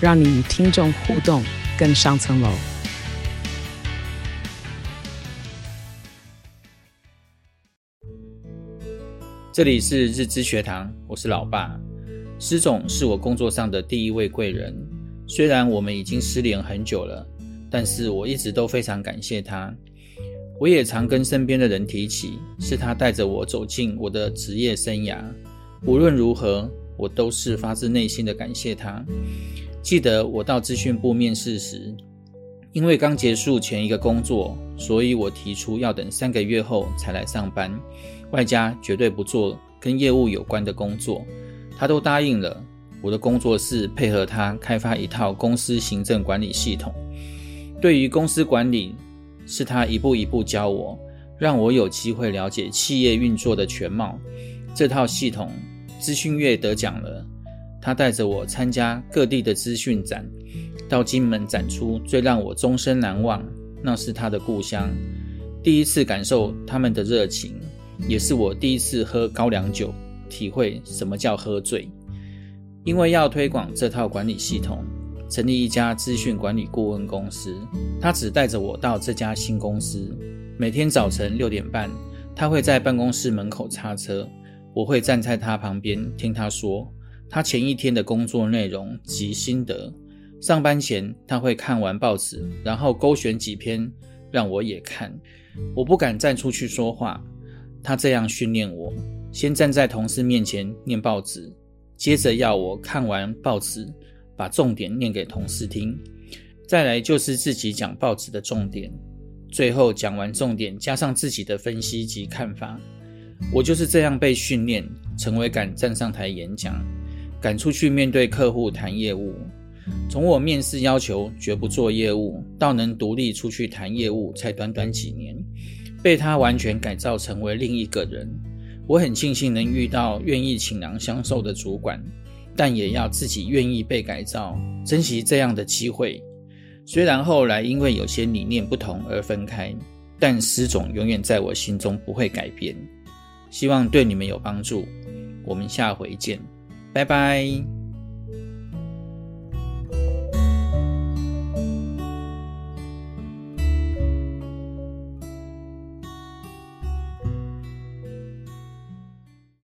讓你與聽眾互動更上層樓。這裡是日知學堂，我是老爸。施總是我工作上的第一位貴人，雖然我們已經失聯很久了，但是我一直都非常感謝他。我也常跟身邊的人提起，是他帶着我走進我的職業生涯。無論如何，我都是發自內心的感謝他。記得我到資訊部面試時，因為剛結束前一個工作，所以我提出要等三個月後才來上班，外加絕對不做跟業務有關的工作，他都答應了。我的工作是配合他開發一套公司行政管理系統。對於公司管理，是他一步一步教我，讓我有機會了解企業運作的全貌。這套系統資訊月得獎了。他帶着我參加各地的資訊展，到金門展出最讓我終身難忘，那是他的故鄉，第一次感受他們的熱情，也是我第一次喝高粱酒，體會什麼叫喝醉。因為要推廣這套管理系統，成立一家資訊管理顧問公司，他只帶着我到這家新公司。每天早晨六點半，他會在辦公室門口擦車，我會站在他旁邊聽他說。他前一天的工作內容及心得。上班前，他會看完報紙，然後勾選幾篇讓我也看。我不敢站出去說話，他這樣訓練我：先站在同事面前念報紙，接着要我看完報紙，把重點念給同事聽；再來就是自己講報紙的重點，最後講完重點加上自己的分析及看法。我就是這樣被訓練，成為敢站上台演講。敢出去面對客戶談業務，從我面試要求絕不做業務，到能獨立出去談業務，才短短幾年，被他完全改造成為另一個人。我很慶幸能遇到願意傾囊相授的主管，但也要自己願意被改造，珍惜這樣的機會。雖然後來因為有些理念不同而分開，但施總永遠在我心中不會改變。希望對你們有幫助。我們下回見。拜拜。